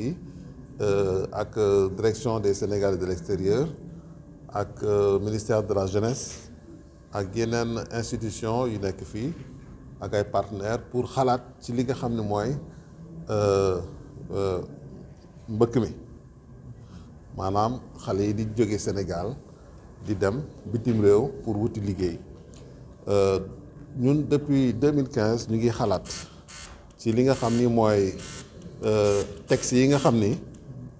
yi euh, ak euh, direction des Sénégalais de l'extérieur ak euh, ministère de la jeunesse ak yeneen institution yu nekk fii ak ay partenaires pour xalaat ci li nga xam ne mooy mbëkk mi maanaam xale yi di jóge Sénégal di dem bitim réew pour wuti liggéey ñun depuis 2015 ñu ngi xalaat ci li nga xam ni mooy Euh, texte yi nga xam ni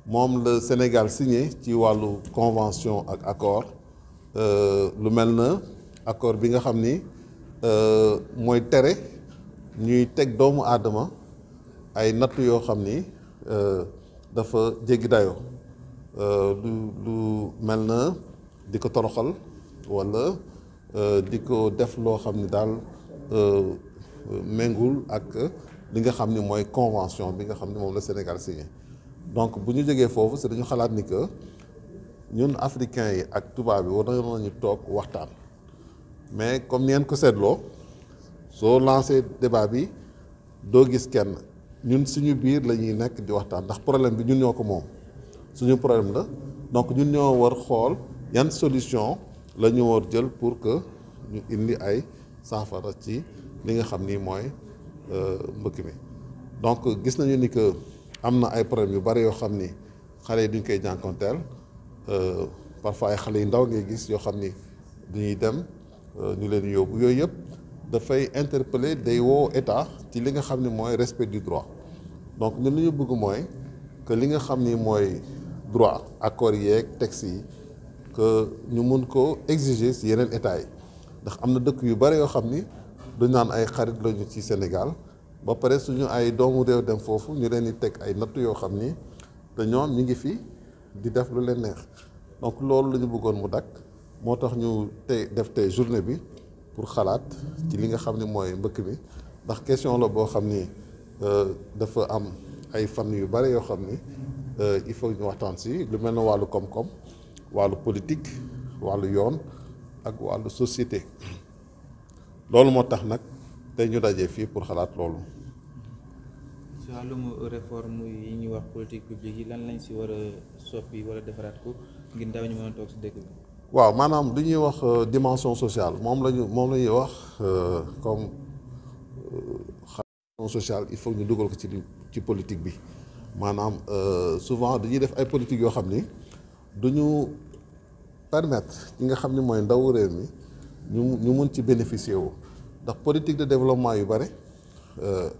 moom la Sénégal signé ci wàllu convention ak accord euh, lu mel na accord bi nga xam ni euh, mooy tere ñuy teg doomu aadama ay nattu yoo xam ni dafa jéggi dayoo lu lu mel na di ko toroxal walla di ko def loo xam ni daal méngul ak euh, li nga xam ni mooy convention bi nga xam ni moom la Sénégal signé donc bu ñu jógee foofu si dañu xalaat ni que ñun africains yi ak tubaab yi war nañu toog waxtaan mais comme ni ko seetloo soo lancé débat bi doo gis kenn ñun suñu biir la ñuy nekk di waxtaan ndax problème bi ñun ñoo ko moom suñu problème la donc ñun ñoo war xool yan solution la ñu war jël pour que ñu indi ay saafara ci li nga xam ni mooy euh, mbëkk mi donc gis nañu ni que am na ay problèmes yu bari yoo xam ni xale yi duñ koy jànkonteel euh, parfois ay xale yu ndaw ngay gis yoo xam ni dañuy dem euh, ñu leen yóbbu yooyu yëpp dafay interpeller day woo état ci li nga xam ni mooy respect du droit donc ñun li ñu bëgg mooy que li nga xam ni mooy droit accords yeeg textes yi ñu mun ko exiger si yeneen état yi ndax am na dëkk yu bari yoo xam ni. duñ naan ay xarit lañu ci Sénégal ba pare suñu ay doomu réew dem foofu ñu leen di teg ay natt yoo xam ni te ñoom ñu ngi fi di def lu leen neex donc loolu lañu bëggoon mu dakk moo tax ñu tey def tey journée bi pour xalaat ci li nga xam ne mooy mbëkk bi ndax question la boo xam ni euh, dafa am ay fan yu bare yoo xam ni euh, il faut ñu waxtaan si lu mel ne wàllu koom-koom wàllu politique wàllu yoon ak wàllu société loolu moo tax nag tey ñu dajee fii pour xalaat loolu. si wàllum réforme yi ñuy wax politique publique yi lan lañ si war a soppi wala defaraat ko ngir ndaw ñu mën a toog si dëkk waaw maanaam lu ñuy wax euh, dimension sociale moom lañu moom la ñuy wax euh, comme euh, dimension sociale il faut ñu dugal ko ci ci politique bi maanaam souvent dañuy def ay politique yoo xam ni duñu ñu ki nga xam ni mooy ndaw réew mi. ñu ñu mën ci bénéficier woo ndax politique de développement yu bare euh,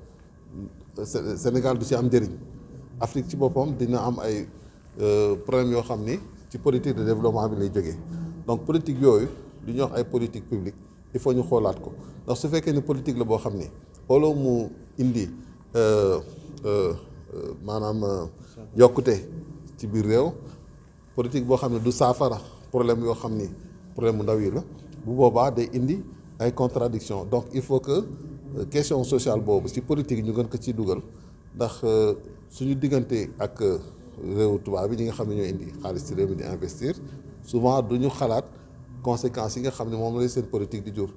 Sénégal du si am njëriñ Afrique ci boppam dina am ay euh, problème yoo xam ni ci politique de développement bi lay jógee donc politique yooyu du ñu ay politique publique il faut ñu xoolaat ko ndax su fekkee ni politique la boo xam ni xooloo mu indi euh, maanaam yokkute ci biir réew politique boo xam ne du saafara problème yoo xam ni problème mu ndaw yi la bu boobaa day indi ay contradiction donc il faut que euh, question sociale boobu ci politique ñu gën ko ci dugal ndax euh, suñu diggante ak euh, réewu tubaab bi ñi nga xam ne ñoo indi xaalis ci réew mi di investir souvent du ñu xalaat conséquences yi nga xam ne moom la seen politique di jur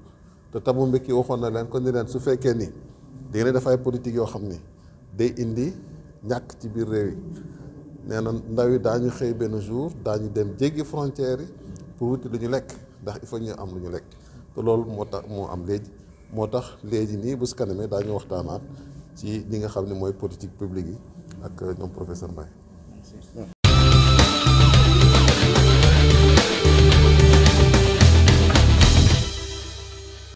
te Thabo Mbeki waxoon na leen kon ni leen su fekkee ni di nga dafay politique yoo xam ni day indi ñàkk ci biir réew yi nee na ndaw yi daañu xëy benn jour ñu dem jéggi frontière yi pour wuti lekk ndax il faut ñu am lu ñu lekk loolu moo tax moo am léegi moo tax léegi nii bu si kanamee daañu waxtaanaat ci li nga xam ne mooy politique publique yi ak ñoom professeur Mbaye